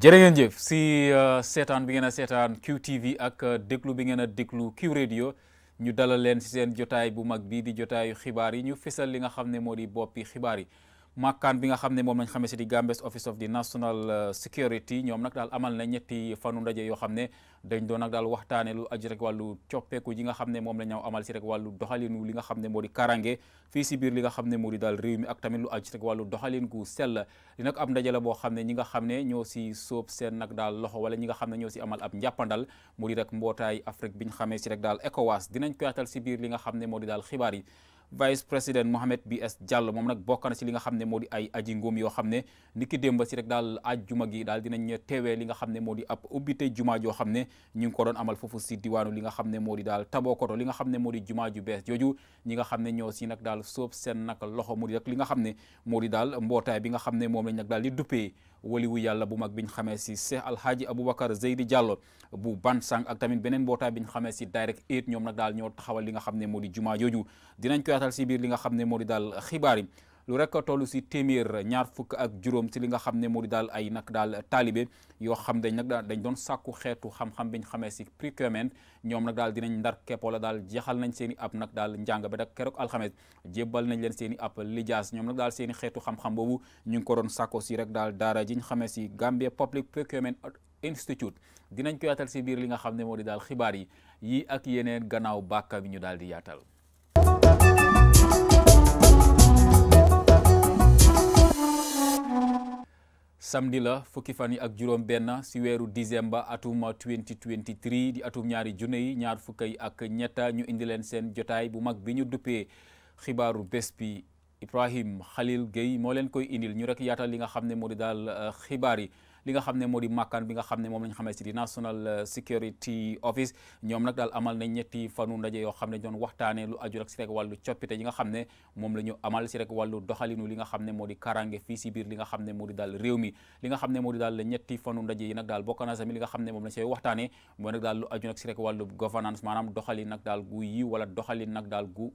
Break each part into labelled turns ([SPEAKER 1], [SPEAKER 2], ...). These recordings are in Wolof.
[SPEAKER 1] jërë ngeen jëf si euh, seetaan bi ngeen a seetaan QTV ak euh, déglu bi ngeen a déglu Q Radio ñu dalal leen si seen jotaay bu mag bii di jotaayu xibaar yi ñu fésal li nga xam ne moo di boppi xibaar yi. màkkaan bi nga xam ne moom lañ xamee si di Gambia's Office of the National uh, Security ñoom nag daal amal na ñetti fanu ndaje yoo xam ne dañ doon nag daal waxtaane lu aju rek wàllu coppeeku yi nga xam ne moom la ñaaw amal si rek wàllu doxalinu li nga xam ne moo di karange fii si biir li nga xam ne moo di daal réew ak tamit lu wàllu doxalin gu sell li nag ab ndaje la boo xam ne ñi nga xam ne ñoo si sóob seen nag daal loxo wala ñi nga xam ne ñoo si amal ab njàppandal mu di rek mbootaay Afrique bi ñu xamee si rek daal ECOWAS dinañ ko yaatal si biir li nga xam ne moo di daal yi vice président Mohamed BS jàll moom nag bokk na ci li nga xam ne moo di ay aji ngóom yoo xam ne ni ki démba si rek daal ajjuma gi daal dinañ teewee li nga xam ne moo di ab ubbite juma joo xam ne ñu ngi ko doon amal foofu si diwaanu li nga xam ne moo di daal Tabokoto li nga xam ne moo di juma ju bees jooju ñi nga xam ne ñoo si nag daal soob seen nag loxo mu rek li nga xam ne moo di daal mbootaay bi nga xam ne moom lañ daal di duppee waliwu yàlla bu mag bi ñu xamee si Cheikh Alhaji Aboubacar Zeydi Diallo bu Bansang ak tamit beneen mbootaay bi ñu xamee si Direct Aid ñoom nag daal ñoo taxawal li nga xam ne moo di jumaa jooju dinañ ko yaatal si biir li nga xam ne moo di daal xibaar yi lu rek tollu si téeméer ñaar fukk ak juróom ci li nga xam ne moo di daal ay nag daal taalibe yoo xam dañ nag dañ doon sàkku xeetu xam-xam bi xamee si procurement ñoom nag daal dinañ ndar keppoo la daal jeexal nañ seen i ab nag daal njàng ba dak keroog alxames jébbal nañ leen seen i ab lijaas ñoom nag daal seen xeetu xam-xam boobu ñu ngi ko doon sàkko si rek daal daara jiñ xamee si Gambia Public Procurement Institute dinañ ko yaatal si biir li nga xam ne moo di daal xibaar yi yii ak yeneen gannaaw bàkka bi ñu daal di yaatal samdi la fukki fan yi ak juróom benn si weeru décembre atum 2023 di atum ñaari junne yi ñaar fukk yi ak ñetta ñu indi leen seen jotaay bu mag bi ñu duppee xibaaru bés bi Ibrahim Khalil Gueye moo leen koy indil ñu rek yaatal li nga xam ne moo di daal euh, xibaar yi li nga xam ne moo di màkkaan bi nga xam ne moom lañ xamee si di National Security Office ñoom nag daal xam ne doon waxtaanee lu aju rek si rek wàllu coppite ne moom la ñu amal si rek wàllu doxalinu li nga xam ne moo di karange fii si biir li nga xam ne moo di daal réew mi li nga xam ne moo di nag na sami li nga xam ne moom lañ see waxtaanee mooy nag daal lu aju nag si rek wàllu governance maanaam doxalin nag daal gu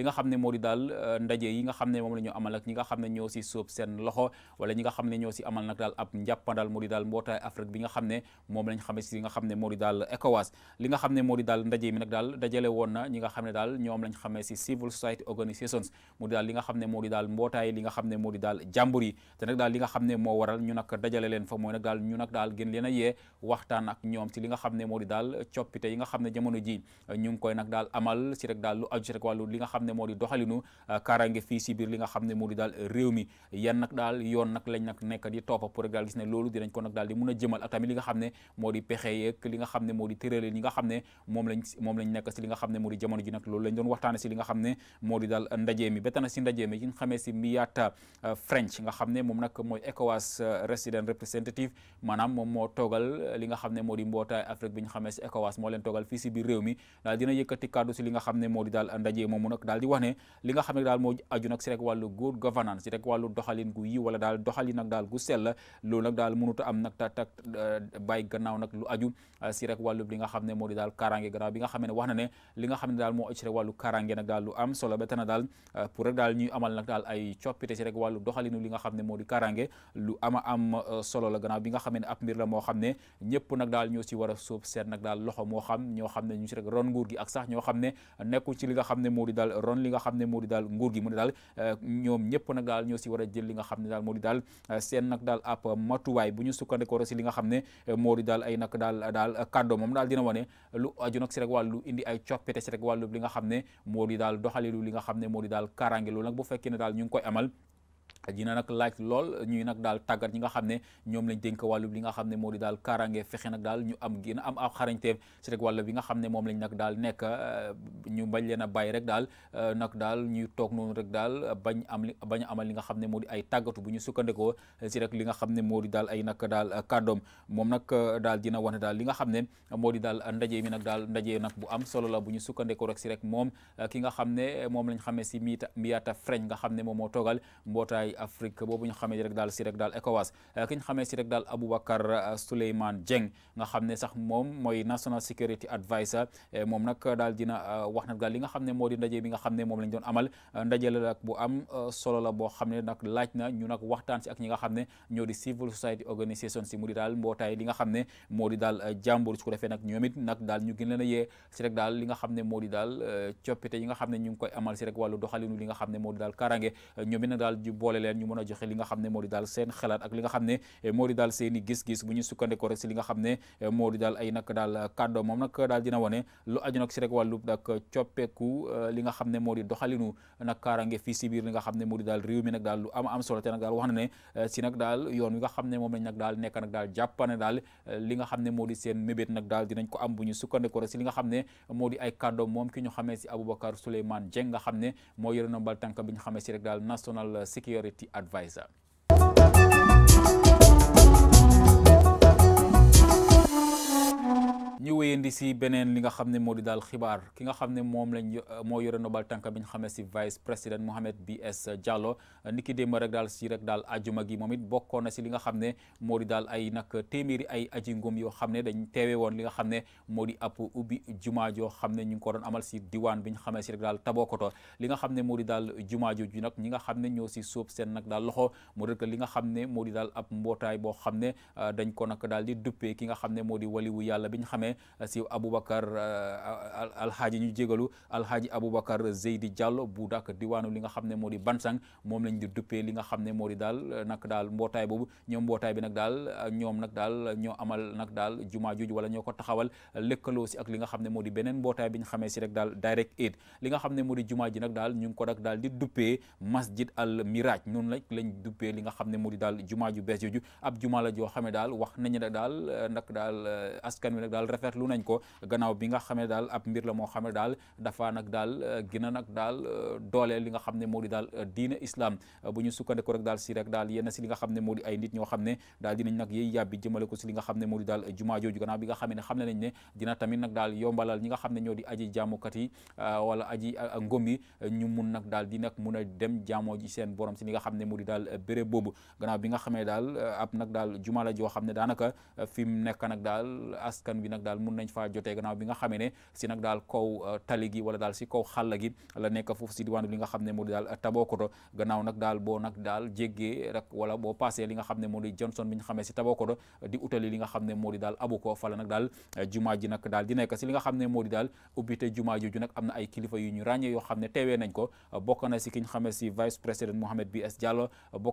[SPEAKER 1] nga xam ne moo di daal ndaje yi nga xam ne moom la ñu amal ak ñi nga xam ne ñoo si sóob seen loxo wala ñi nga xam ne ñoo si amal nag daal ab njàppandal moo di daal mbootaay Afrique bi nga xam ne moom daal ECOWAS li nga xam ne moo daal ndaje mi nag daal dajale woon na ñi nga xam ne daal ñoom lañ xamee si civil society organisations moo di daal li xam ne moo di daal mbootaay li nga xam ne moo daal jàmbur te nag daal li nga xam ne moo waral ñu nag dajale leen fa mooy nag daal ñu nag daal gën leen a yee waxtaan ak ñoom ci li nga xam ne moo di daal coppite yi nga xam ne jamono ji ñu koy nag daal amal si rek daal lu aju si rek wàllu di doxalinu kaaraange fii si gis ne loolu dinañ ko nag daal di mun a jëmal ak tamit li nga xam ne moo di pexe yeeg li nga xam ne moo di tërale li nga xam ne moom moo di jamono li nga xam ne moo di daal ndaje ndaje euh, moom nag euh, moo euh, xam ne moo di mbootaay Afrique bi ñu ne moo di daal ndaje moomu nag daal di wax ne li nga xam ne daal moo aju nag si rek wàllu good governance si rek wàllu doxalin gu yi wala daal doxalin nag daal gu sell loolu nag daal mënut a am nag tak tak bàyyi gannaaw lu aju si rek wàllu li nga xam ne moo di daal karange gannaaw bi nga xam ne wax na ne li nga xam ne daal moo aju si rek wàllu karange lu am solo ba na daal pour rek daal ñuy amal nag daal ay coppite si rek wàllu doxalinu li nga xam ne moo di karange lu ama am solo la gannaaw bi nga xam ne ab mbir moo xam ne ñëpp nag daal ñoo si war a suuf seet nag daal loxo moo xam ñoo xam ne ñu si rek ron ñoo xam ne nekku ci li nga xam ne moo di daal li nga xam ne moo di daal nguur gi mu ne daal ñoom ñëpp nag daal ñoo jël li nga xam ne daal moo di seen nag daal ab matuwaay bu ñu sukkandikoo si li nga xam ne eh, moo di daal ay nag daal daal kàddoo moom daal dina wane lu aju nag si rek wàllu indi ay coppite si rek wàllu li nga xam ne moo daal doxali doxalilu li nga xam ne moo di daal kaaraange loolu nag bu fekkee ne daal ñu ngi koy amal dina nag laaj lool ñuy nag daal tàggat ñi nga xam ne ñoom lañ denk wàllu li nga xam ne moo di daal kaaraange fexe nag daal ñu am gën a am ab xarañteef rek wàllu bi nga xam ne moom lañ nag daal nekk euh, ñu bañ leen a bàyyi rek daal euh, nag daal ñu toog noonu rek daal bañ am li bañ amal li nga xam ne moo di ay tàggatu bu ñu sukkandikoo si rek li nga xam ne moo di daal ay nag daal kàddoom moom nag euh, daal dina wane daal li nga xam ne moo di daal ndaje mi nag daal ndaje nag bu am solo la bu ñu sukkandikoo rek si rek moom ki nga xam ne moom lañ xamee si Miata Miata French nga xam ne moom moo toogal mbootaay njaay Afrique boobu ñu xamee rek daal si rek daal ECOWAS eh, ki ñu xamee si rek daal Aboubacar eh, Souleymane Dieng nga xam sax moom mooy national security adviser eh, moom nag daal dina wax nag daal li nga xam ne moo di ndaje bi nga xam ne moom lañ doon amal ndaje la nag bu am boo xam ne nag laaj na ñu nag waxtaan si ak ñi nga xam ne ñoo di civil society organisation si mu di daal mbootaay li nga xam ne moo daal jàmbur su ko defee nag ñoom it nag daal ñu gën leen a yee si rek daal li nga xam ne moo di daal coppite yi nga xam ne ñu ngi koy amal si rek wàllu doxalinu li nga xam ne moo di daal karange ñoom it nag daal boole leen ñu mën a joxe li nga xam ne moo di daal seen xalaat ak li nga xam ne eh, moo di daal seen i gis-gis bu ñu sukkandikoo rek si eh, eh, ne moo di mi nag daal lu am na ne si nag daal yoon wi nga xam ne moom lañ nag daal nekk nag daal jàppane daal li nga xam ko rek si li nga xam ne moo di ay kàddoo moom ki ñu xamee si Aboubacar Souleymane Dieng nga xam ne moo yore na mbal tànk bi ñu si rek daal national sécurité Security Advisor. ñu wéyandi si beneen li nga xam ne moo di daal xibaar ki nga xam ne moom lañ moo yore nobal tànka bi ñu xamee si vice président Mohamed BS Jallow ni ki démb rek daal si rek daal ajuma gi moom it bokkoon na si li nga xam ne moo di daal ay nag téeméeri ay aji ngom yoo xam ne dañ teewe woon li nga xam ne moo di ab ubbi jumaa joo xam ne ñu ngi ko doon amal si diwaan bi ñu xamee si rek daal tabokoto li nga xam ne moo di daal jumaa jooju nag ñi nga xam ne ñoo si sóob seen nag daal loxo moo di li nga xam ne moo di daal ab mbootaay boo xam ne dañ ko nag daal di duppee ki nga xam ne moo di waliwu yàlla bi ñu xamee ne eh, si Aboubacar eh, alhaaji ñu jégalu alhaaji Aboubacar Zeydi Diallo bu dak diwaanu li nga xam ne moo di Bansang moom lañ di duppee li nga xam ne moo di daal eh, nag daal mbootaay boobu ñoom mbootaay bi nag daal ñoom nag daal ñoo amal nag daal jumaa jooju wala ñoo ko taxawal lëkkaloo si ak li nga xam ne moo di beneen mbootaay bi ñu xamee si rek daal direct aid ne moo di jumaa ji nag daal ñu ko nag daal di duppee masjid al miraj noonu lañ lañ duppee li nga xam ne moo di daal jumaa ju bees jooju ab jumaa la joo xamee daal wax nañu nag daal nag daal askan wi nag daal lu nañ ko gannaaw bi nga xamee daal ab mbir la moo xam ne daal dafa nag daal euh, gina nag daal euh, doole li nga xam ne moo di daal euh, diine islam bu ñu sukkandiku rek daal si rek daal yenn si li nga xam ne moo di ay nit ñoo xam ne daal dinañ nag yey yàbbi jëmale ko si li nga xam ne moo di daal jumaa jooju gannaaw bi nga xam ne ne nañ ne dina tamit nag daal yombalal ñi nga xam ne ñoo di aji jaamukat yi wala aji ngom yi ñu mun nag daal di nag mun a dem jaamoo ji seen borom si li nga xam ne moo di daal béréb boobu gannaaw bi nga xamee daal ab nag daal jumaa la joo xam ne daanaka fi mu nekk nag daal askan wi nag daal mun nañ faa jotee gannaaw bi nga xamee ne si nag daal kaw euh, tali gi wala daal si kaw xàll gi la nekk foofu si diwaan bi li nga xam ne moo di daal Tabokoto gannaaw nag daal boo nag daal jéggee rek wala boo passé li nga xam ne moo di Johnson bi ñu xamee si Tabokoto di utali li nga xam ne moo di daal Abuko fala nag daal euh, jumaa ji nag daal di nekk si li nga xam ne moo di daal ubbite jumaa jooju nag am na ay kilifa yu ñu ràññee yoo xam ne teewee nañ ko bokk na si ki ñu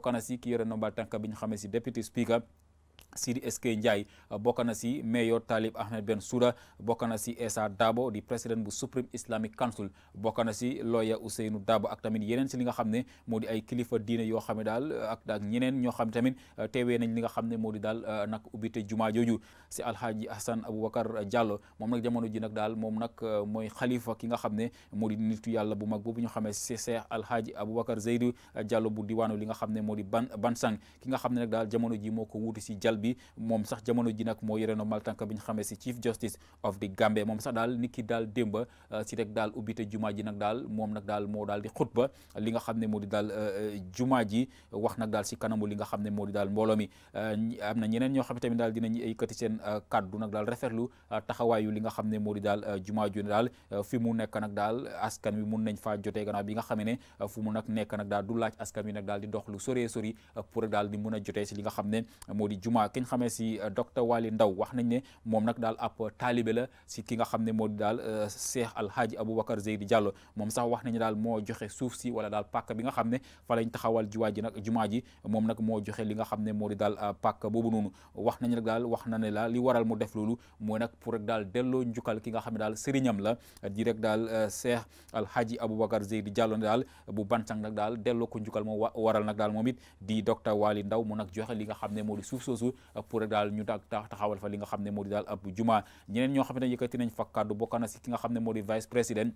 [SPEAKER 1] na si ki yore nombal Sidi SK Ndiaye bokk na si mayor Talib Ahmed Bensouda bokk na si Essa Dabo di président bu Supreme Islamic Council bokk na si lawyer Ousseynou Dabo ak tamit yeneen si li nga xam ne moo di ay kilifa diine yoo xam ne daal ak ak ñeneen ñoo xam ne tamit uh, teewee nañ li nga xam ne moo di daal uh, nag ubbite jumaa jooju si Alhaji Hassan Aboubacar Diallo moom nag jamono ji nag daal moom nag uh, mooy xalifa ki nga xam ne moo di nitu yàlla bu mag boobu ñu xamee si Cheikh Alhaji Aboubacar Zeydou Diallo bu diwaanu li nga xam ne moo di ban Bansang ki nga xam ne daal jamono ji moo ko si jal bi bi moom sax jamono ji nag moo yore normal tànk bi ñu xamee si Chief Justice of the Gambia moom sax daal niki daal démba euh, si rek daal ubbite jumaa ji nag daal li nga xam ne moo di daal euh, euh, jumaa ji wax nag daal si kanamu li nga xam ne moo di daal mbooloo na ñeneen ñoo xam ne tamit daal dinañ yëkkati seen li nga xam ne moo di daal jumaa ju ne daal fi mu nekk nag daal askan wi mun nañ faa jotee gannaaw bi nga xam ne fu mu nag nekk nag daal du laaj askan wi nag daal di dox lu sore sori pour daal di mun a jotee si li nga xam ne moo di jumaa Touba ki ñu xamee si euh, docteur Waly Ndaw wax nañ ne moom nag daal ab taalibe la si ki nga xam ne moo di daal euh, Cheikh Alhaji Aboubacar Zeydi Diallo moom sax wax nañu daal moo joxe suuf si wala daal pàkk bi nga xam ne fa lañ taxawal jumaa ji nag jumaa ji moom nag moo joxe li nga xam ne moo di daal euh, pàkk boobu noonu wax nañ nag daal wax na ne la li waral mu def loolu mooy nag pour rek daal delloo njukkal ki nga xam ne daal sëriñam la di rek daal Cheikh Alhaji Aboubacar Zeydi Diallo ne daal bu Bantang nag daal delloo ko njukkal moo waral nag daal moom it di docteur Waly Ndaw mu nag joxe li nga xam pour rek daal ñu taxawal fa li nga xam ne moo di daal ab juma ñeneen ñoo xam ne yëkkati nañ fa kàddu bokk na si ki nga xam ne moo di vice président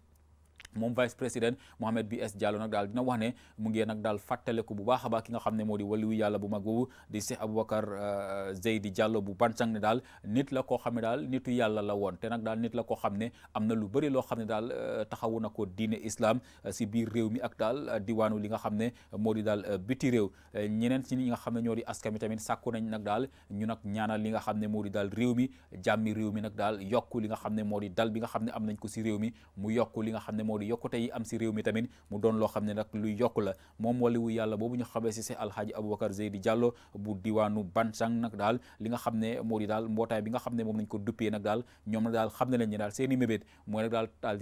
[SPEAKER 1] moom vice président Mohamed B.S. Diallo nag daal dina wax ne mu ngi nag daal fàttaleku bu baax a nga xam ne moo di waliwu yàlla bu mag boobu di Cheikh Aboubacar euh, Zeydi Diallo bu Bansang ne daal nit la koo xam ne daal nitu yàlla la woon te nag daal nit la koo xam ne am na lu bari loo xam ne daal euh, taxawu na ko diine islam euh, si biir réew mi ak daal diwaanu li nga xam ne moo di daal biti réew ñeneen si ñi nga xam ne ñoo di askan mi tamit sàkku nañ nag daal ñu nag ñaanal li nga xam ne moo di daal réew mi jàmmi réew mi nag daal yokku li nga xam ne moo di dal bi nga xam ne am nañ ko si réew mi moo di yokkute yi am si réew mi tamit mu doon loo xam ne nag luy yokk la moom waliwu yàlla boobu ñu xamee si se alhaaji aboubacar zeydi diallo bu diwaanu bansang nag daal li nga xam ne moo daal mbootaay bi nga xam ne moom nañ ko duppee nag daal ñoom nag daal xam ne lañ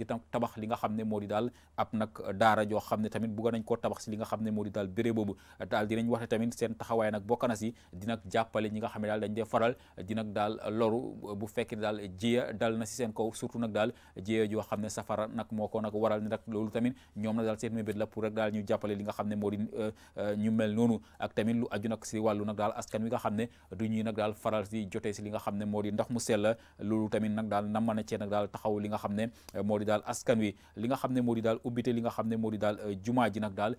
[SPEAKER 1] di tabax li nga xam ne moo di daal ab nag daara joo xam ne tamit bugg nañ koo tabax si li nga xam ne moo di daal béré boobu daal dinañ wax ne tamit seen taxawaay nag bokk na si dinag jàppale ñi nga xam ne daal dañ dee faral dinag daal loru bu fekkee daal jiya dal na si seen kaw surtout nag daal jiya joo daanaka waral ne rek loolu tamit ñoom na daal seen mébét la pour rek daal ñu jàppale li nga xam ne moo di ñu mel noonu daal askan li nga xam ne moo di ndox mu sell loolu tamit nag daal na mën a cee daal taxaw li nga xam ne moo di daal askan wi li nga xam ne moo di daal ubbite li nga xam ne moo di daal jumaa ji nag daal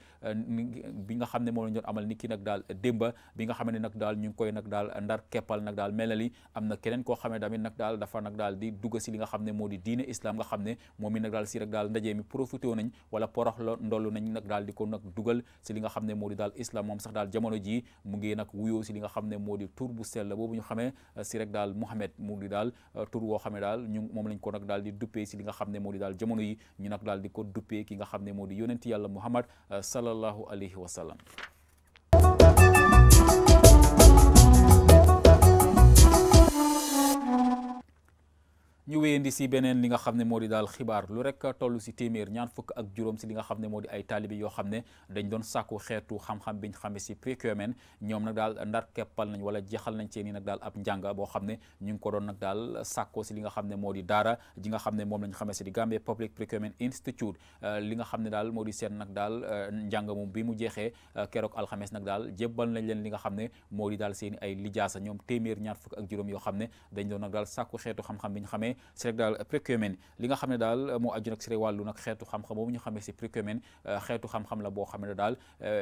[SPEAKER 1] bi nga xam ne moo lañ doon amal ni ki nag daal démba bi nga xam ne nag daal ñu koy nag daal ndar keppal nag daal mel na li am na keneen koo xam ne tamit nag daal dafa nag daal di dugg si li nga xam ne moo di diine islam ne daal si ndaje mi profité nañ wala porox la ndollu nañ nag daal di ko nag dugal si li nga xam ne moo di daal islam moom sax daal jamono jii mu ngi nag wuyoo si li nga xam ne moo di tur bu sell boobu ñu xamee euh, si rek daal Mouhamed mu ngi daal euh, tur woo xamee daal ñu moom lañ ko nag daal di duppee si li nga xam ne moo di daal jamono yi ñu nag daal di ko duppee ki nga xam ne moo di yonent yàlla Muhammad euh, sallallahu alayhi wa sallam ñu wéyandi si beneen li nga xam ne moo di daal xibaar lu rek toll si téeméer ñaar fukk ak juróom si li nga xam ne moo di ay taalibi yoo xam ne dañ doon sàkku xeetu xam-xam biñ xame si précomen ñoom nag daal ndar keppal nañ wala jeexal nañ seen i nag daal ab njàng boo xam ne ñu ngi ko doon nag daal sàkkoo si li nga xam ne moo di daara ji nga xam ne moom lañ xamee si di Gambia Public Procurement Institute li nga xam ne daal moo di seen nag daal eh, njàng mu bi mu jeexee eh, keroog alxames nag daal jébbal nañ leen li nga xam ne moo di daal seen ay lijaasa ñoom téeméer ñaar fukk ak juróom yoo xam ne dañ doon nag daal xeetu xam bi ñu xamee si rek daal précumen li nga xam ne daal moo aju nag si rek wàllu nag xeetu xam-xam boobu ñu xamee si précumen xeetu xam-xam la boo xam ne daal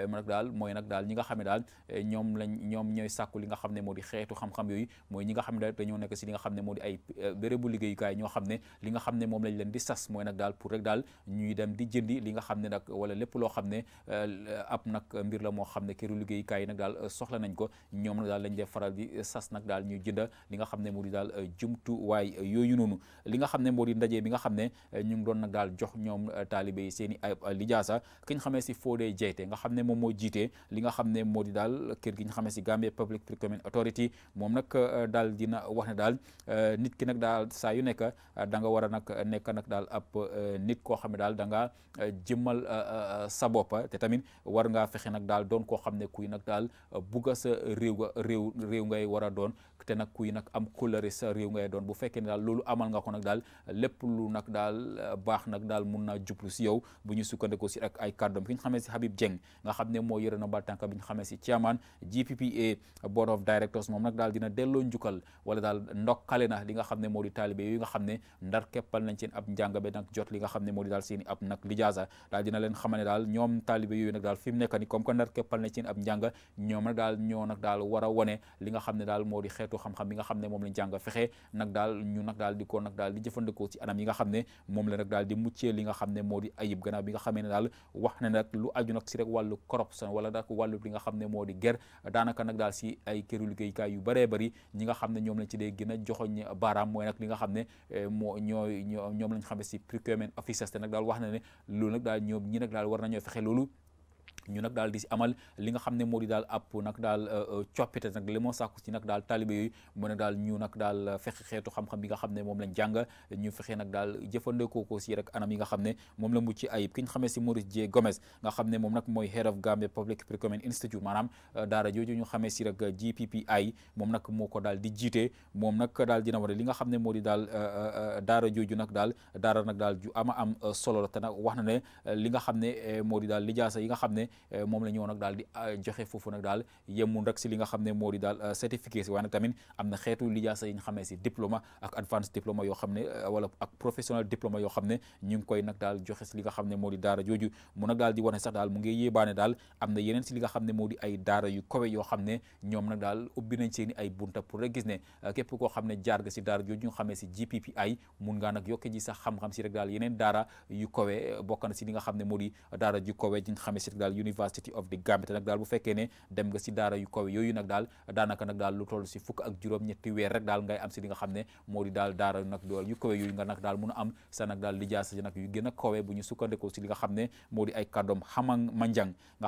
[SPEAKER 1] nag daal mooy nag daal ñi nga xam ne daal ñoom lañ ñoom ñooy sàkku li nga xam ne moo di xeetu xam yooyu mooy ñi nga xam ne daal dañoo nekk si li nga xam ne moo di ay bérébu liggéeyukaay ñoo xam ne li nga xam ne moom lañ leen di sas mooy nag daal pour rek daal ñu dem di jëndi li nga xam ne nag wala lépp loo xam ne ab nag mbir la moo xam ne këru liggéeyukaay yi nag daal soxla nañ ko ñoom nag daal lañ def faral di sas nag daal ñuy jënda li nga xam ne moo di daal waay yooyu noonu noonu li nga xam ne moo ndaje bi nga xam ne euh, ñu ngi doon nag daal jox ñoom euh, taalibe yi seen i ay euh, lijaasa ki ñu xamee si Fodé Diaité nga xam ne moom moo jiite li nga xam ne moo di daal kër gi ñu xamee si Gambia Public Procurement Authority moom nag daal dina wax ne daal nit ki nag daal saa yu nekk da nga war a nag nekk nag daal ab nit koo xam ne daal danga ngaa jëmmal sa bopp te tamit war ngaa fexe nag daal doon koo xam ne kuy nag daal bugga sa réew réew réew ngay war a doon te nag kuy nag am kóllëre sa réew ngay doon bu fekkee ne daal loolu amal nga ko nag daal lépp lu nag daal euh, baax nag daal mun naa jublu si yow bu ñu sukkandikoo si ak ay kàddoom ki ñu xamee si Habib Dieng nga xam ne moo yore na ba tànk bi ñu xamee si chairman GPPA board of directors moom nag daal dina delloo li nga xam ne moo di taalibe yooyu nga xam ne ndar keppal nañ seen ab njàng be nag jot nga xam ne moo di daal seen i ab nag lijaasa daal dina leen xamal ne daal ñoom taalibe yooyu nag daal fi mu nekk ni comme que ndar keppal nañ seen ab njàng ñoom nag daal ñoo wone li nga xam ne daal moo di xeet xeetu xam-xam bi nga xam ne moom lañ jàng fexe nag daal ñu nag daal di ko nag daal di jëfandikoo ci anam yi nga xam ne moom la nag daal di muccee li nga xam ne moo di ayib gannaaw bi nga xamee ne daal wax ne nag lu aju nag li nga xam ne moo di ger daanaka nag daal si ay këru liggéeykaay yu bëree bari ñi nga xam ne ñoom lañ ci dee gën a joxoñ baaraam mooy nag li nga xam ne eh, moo ñooy ñoom lañ xamee si procurement officers te nag daal wax na ne loolu nag daal ñoom ñi nag daal war nañoo fexe loolu ñu nag daal di si amal li nga xam ne moo di daal ab nag daal euh, euh, coppite nag li moo sàkku si nag daal taalibe yooyu mën a daal ñu nag daal fexe xeetu xam-xam bi nga xam ne moom lañ jàng ñu fexe nag daal jëfandikoo ko si rek anam yi nga xam ne moom la mucc ay ki ñu xamee si Maurice jee Gomez nga xam ne moom nag mooy head of Gambia Public Procurement Institute maanaam euh, daara jooju ñu xamee si rek GPPI moom nag moo ko daal di jiite moom nag daal dina war li nga xam ne moo di daal daara jooju nag daal daara nag daal ju ama am solo la te wax na ne li nga xam ne moo di daal lijaasa yi nga xam ne ne euh, moom la ñëw nag daal di euh, joxe foofu nag daal yemul rek si li nga xam ne moo di daal euh, certificat si waaye nag tamit am na xeetu lijaasa yi nga xamee yoo xam ne wala ak professionnel diplôme yoo xam ne ngi koy nag daal joxe si nga xam ne moo di daara jooju mu nag daal di wane sax daal mu ngi yéebaane am nga xam ne moo di ay daara yu kowe yoo daal ubbi nañ ay bunta pour rek gis ne képp koo xam ne jaar nga si daara jooju nga xamee si GPPI mun ngaa nag yokke sax xam-xam si rek daal yeneen daara yu kowe bokk na si li nga xam ne moo di daara ju kowe ji nga xamee si rek daal University of the Gambia te nag daal bu fekkee ne dem nga si daara yu kaw yooyu nag daal daanaka nag daal lu toll si fukk ak juróom ñetti weer rek daal ngay am si di nga a am a kawe bu ñu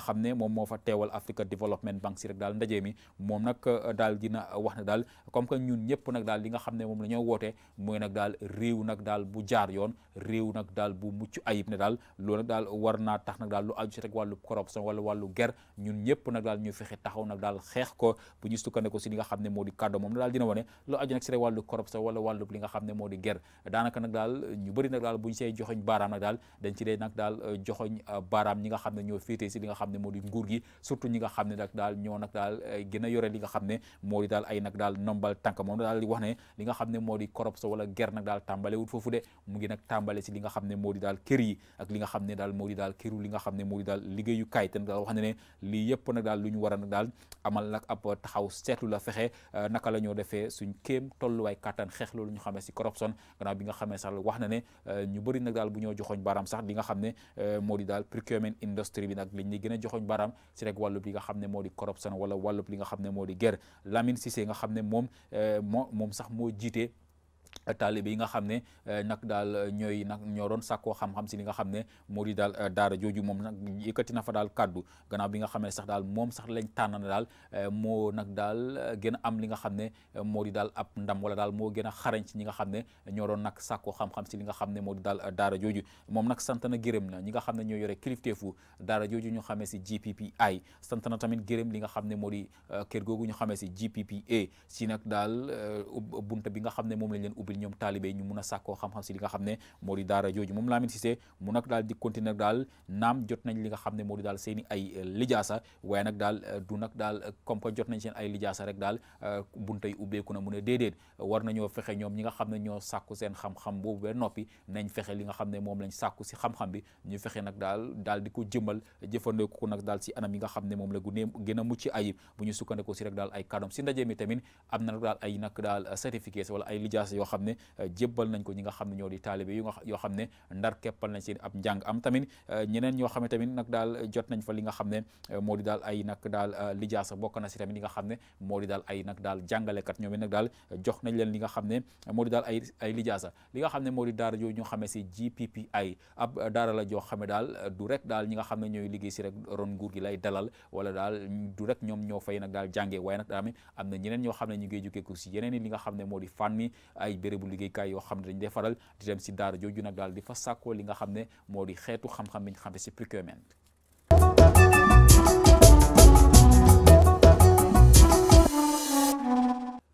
[SPEAKER 1] xam ne moom moo fa teewal Africa Development Bank si rek daal ndaje mi moom nag daal dina wax ne daal comme que ñun ñëpp nag daal li nga xam ne moom la ñoo woote mooy nag daal réew nag daal bu jaar yoon réew nag daal bu mucc ayib ne daal loolu nag daal war naa tax nag daal lu aju si rek corruption wala wàllu guerre ñun ñëpp nag daal ñu fexe taxaw nag daal xeex ko bu ñu sukkandiku si li nga xam ne moo di kàddu moom na daal dina wane lu aju nag si li nga xam ne daal ñu daal a kër yi li nga xam ne daal daal liggéeyu kaay itam daal wax na ne li yëpp nag daal lu ñu war a nag daal amal nag ab taxaw seetlu la fexe euh, naka la ñoo defee suñ kéem tolluwaay kattan xeex loolu ñu xamee si corruption gannaaw bi nga xamee sax wax na ne euh, ñu bëri nag daal bu ñoo joxoñ baaraam sax li nga xam ne euh, moo di daal procurement industry bi nag liñ ñi gën a joxoñ baaraam si rek wàllub bi nga xam ne moo di corruption wala wàllub nga xam ne moo di guerre Lamine Cissé nga xam ne moom moo moom sax moo jiitee taalibe yi nga xam ne eh, nag daal eh, ñooy nag ñoo doon sàkkoo xam-xam si li nga xam ne moo di daal eh, daara jooju moom nag yëkkati na fa daal kàddu gannaaw bi nga xam sax daal moom sax lañ tànn na daal moo nag daal gën a am li nga xam ne moo di daal ab ndam wala daal moo gën a xarañ ci ñi nga xam ne ñoo doon nag sàkkoo xam si li nga xam ne moo di daal daara jooju moom nag sant na gërëm na ñi nga xam ne ñoo yore kilifteefu daara jooju ñu xamee si GPPI sant na tamit gërëm li nga xam ne moo di kër googu ñu xamee si GPPA si nag daal bunta bi nga xam ne moom lañ leen ubbi disponible ñoom taalibe ñu mun a sàkkoo xam-xam si li nga xam ne moo di daara jooju moom Lamine mu nag daal di i eh, eh, eh, ay lijaasa ne déedéet war nañoo fexe ñoom ñi ba noppi nañ fexe li nga xam ne moom lañ sàkku si xam-xam bi ñu fexe nag daal di ko jëmmal jëfandikoo ko nag daal si yi nga ne moom la gune gën a mucc ayib bu ñu sukkandikoo si rek daal ay kàddoom si ndaje mi tamit am na nag daal ay nag daal certificat wala ay lijaasa yoo xam xam ne euh, jébbal nañ ko ñi nga xam ne ñoo di taalibe yu nga yoo xam ne ndar keppal nañ seen ab njàng am tamit euh, ñeneen ñoo xam ne tamit nag daal jot nañ fa li nga xam ne euh, moo di daal ay nag daal lijaasa bokk na si tamit li nga xam ne moo di daal ay nag daal jàngalekat ñoom it nag jox nañ leen li nga xam ne moo di daal ay ay lijaasa li nga xam ne moo di daara yooyu ñu xamee si GPPI daara la joo xam ne daal du daal ñi nga xam ne ñooy liggéey si rek ron nguur gi lay dalal wala daal du ñoom ñoo fay nag daal jàngee waaye nag daami am na ñeneen ñoo xam ne ñu ngi jógee ko si yeneen li nga xam ne moo di fànn mi ay bérébu liggéeykaay yoo xam ne dañ dee faral di dem si daara jooju nag daal di fa sàkkoo li nga xam ne moo di xeetu xam-xam bi ñu xam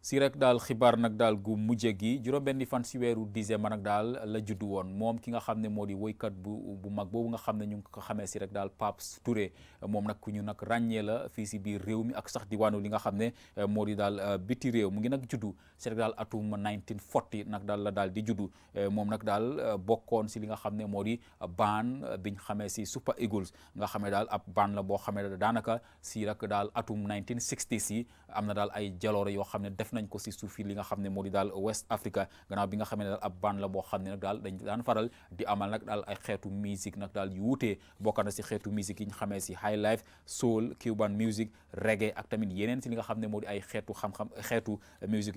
[SPEAKER 1] si rek daal xibaar nag daal gu mujje gi juróom-benni fan si weeru dixième nag daal la juddu woon moom ki nga xam ne moo di woykat bu bu mag boobu nga xam ne ñu ngi ko xamee si rek daal Pape Touré moom nag ku ñu nag ràññee la fii si biir réew mi ak sax diwaanu li nga xam ne eh, moo di daal eh, biti réew mu ngi nag juddu si daal atum 1940 nag daal la daal di juddu eh, moom nag daal bokkoon si li nga xam ne moo di baan biñ xamee si Super Eagles nga xam ne daal ab baan la boo ne daanaka si rek daal atum 1960 si am na daal ay jaloore yoo xam ne def nañ ko si suufi li nga xam ne moo di daal West Africa gannaaw bi nga xam ne daal ab band la boo xam ne nag daal di amal ay xeetu musique nag daal yu wuutee bokk si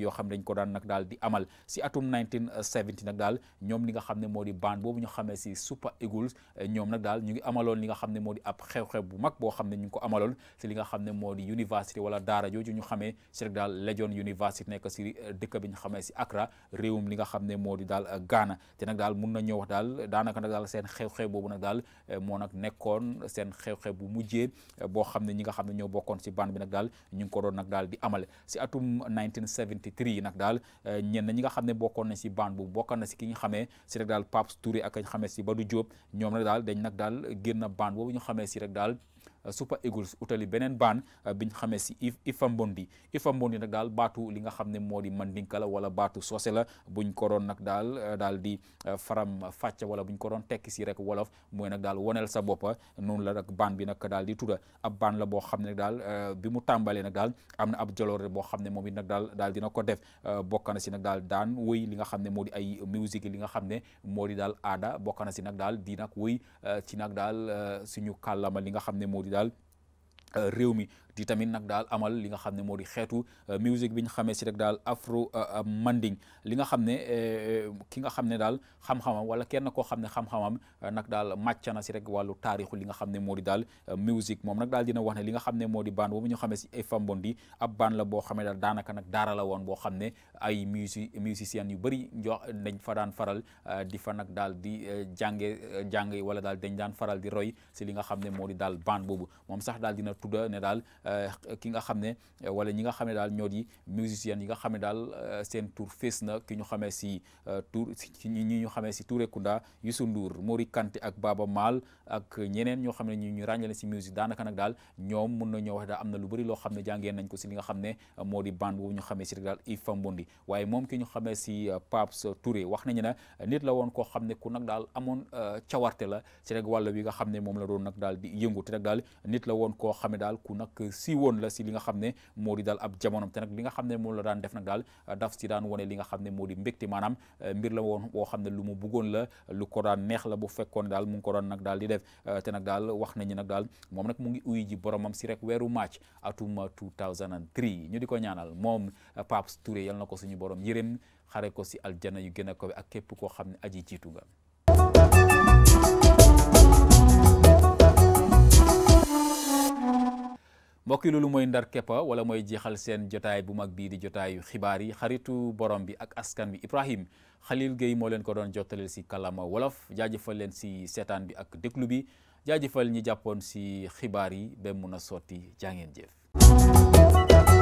[SPEAKER 1] yoo xam ne ko daan nag daal di amal si atum 1970 nag daal ñoom li nga xam ne moo di band boobu ñu xamee si Super Eagles ñoom nag daal ñu ngi amaloon li nga xam ne moo di ab xew-xew bu boo xam ne ñu ko amaloon si li nga xam ne moo di université wala daara jooju ñu xamee si rek University Kumbaasi nekk si euh, dëkk bi ñu xamee si Accra réewum li nga xam ne moo di daal euh, gaana te nag daal mun na ñëw wax daal daanaka nag daal seen xew-xew boobu nag daal euh, moo nag nekkoon seen xew-xew bu mujjee boo xam ne ñi nga xam ne ñoo bokkoon si band bi nag daal ñu ngi ko doon nag daal di amal si atum 1973 nag daal ñenn ñi nga xam ne bokkoon nañ si band bu bokkoon na si ki nga xamee si rek daal Pape Touré ak ñu xamee si Badou Diop ñoom nag daal dañ nag daal génn band boobu ñu xamee si rek daal Euh, Super Eagles utali beneen baan euh, biñ xame si Ifa Mbondi Ifa Mbondi nag daal baatu li nga xam ne moo di mandinka la wala baatu soose la buñ ko doon nag daal euh, daal di faram fàcce wala buñ ko doon tekki si rek wolof mooy nag daal wonel sa boppa noonu la nag baan bi nag daal di tuda ab baan la boo xam ne nag daal bi mu tàmbalee nag daal am na ab joloore boo xam ne moom it nag daal daal dina ko def bokk na si nag daal daan wëy li nga xam ne moo di ay musique li nga xam ne moo di daal aada bokk na si nag daal di nag wëy ci nag daal suñu kàllama li nga xam ne moo daal euh, réew mi di tamit nag daal amal li nga xam ne moo di xeetu euh, musique bi ñu xamee si rek daal afro euh, euh, manding li nga xam ne ki nga xam ne daal xam wala kenn koo xam ne xam nag daal màcc na si rek wàllu taarixu li nga xam ne moo di daal musique moom nag daal dina wax ne li nga xam ne moo di baan bu ñu xamee si FM Bondy a baan la boo xamee daal daanaka nag daara woon boo xam ne ay music musiciens yu bëri jox dañ fa daan faral di fa nag daal di jànge jànge wala daal dañ daan faral di roy si li nga xam ne moo di daal baan bu moom sax daal dina tudda ne daal Euh, ki nga xam ne wala ñi nga xam ne daal ñoo di musiciens yi nga xam ne daal euh, seen tour fees na ki ñu xamee si euh, tour ñi ñu xamee si Touré Kunda Youssou Ndour Mori Kanté ak baaba Maal ak ñeneen ñoo xam ne ñu ñu ràññale si musique daanaka nag daal ñoom mun na ñoo wax daal am na lu bari loo xam ne jàngeen nañ ko si li nga xam ne moo di bande boobu ñu xamee si rek daal Ifa Mbondi waaye moom ki ñu xamee si Paps Touré wax nañ ne nit la woon koo xam ne ku nag daal amoon cawarte la si rek wàll nga xam ne moom la doon nag daal di yëngu rek daal nit la woon koo xam ne daal ku nag si woon la si li nga xam ne moo di daal ab jamonom te nag li nga xam ne moom la daan def nag daal daf si daan wone li nga xam ne moo di mbégte maanaam eh, mbir la woon woo xam ne lu mu bëggoon la lu ko daan neex la bu fekkoon daal mu ngi ko doon nag daal di def eh, te wax nañu nag daal moom nag mu ngi uyu ji boromam si rek weeru match atuma 2003 ñu di ko ñaanal moom eh, Pape Touré yal na ko suñu borom yërëm xare ko si aljana yu gën a kawe ak képp koo xam ne aji jiitu nga mbokk yi loolu mooy ndar keppa wala mooy jeexal seen jotaay bu mag bii di jotaayu xibaar yi xaritu borom bi ak askan bi Ibrahim Khalil Gueye moo leen ko doon jottaleel si kalama wolof jaajëfal leen si seetaan bi ak déglu bi jaajëfal ñi jàppoon si xibaar yi ba mun a sotti jaa ngeen jëf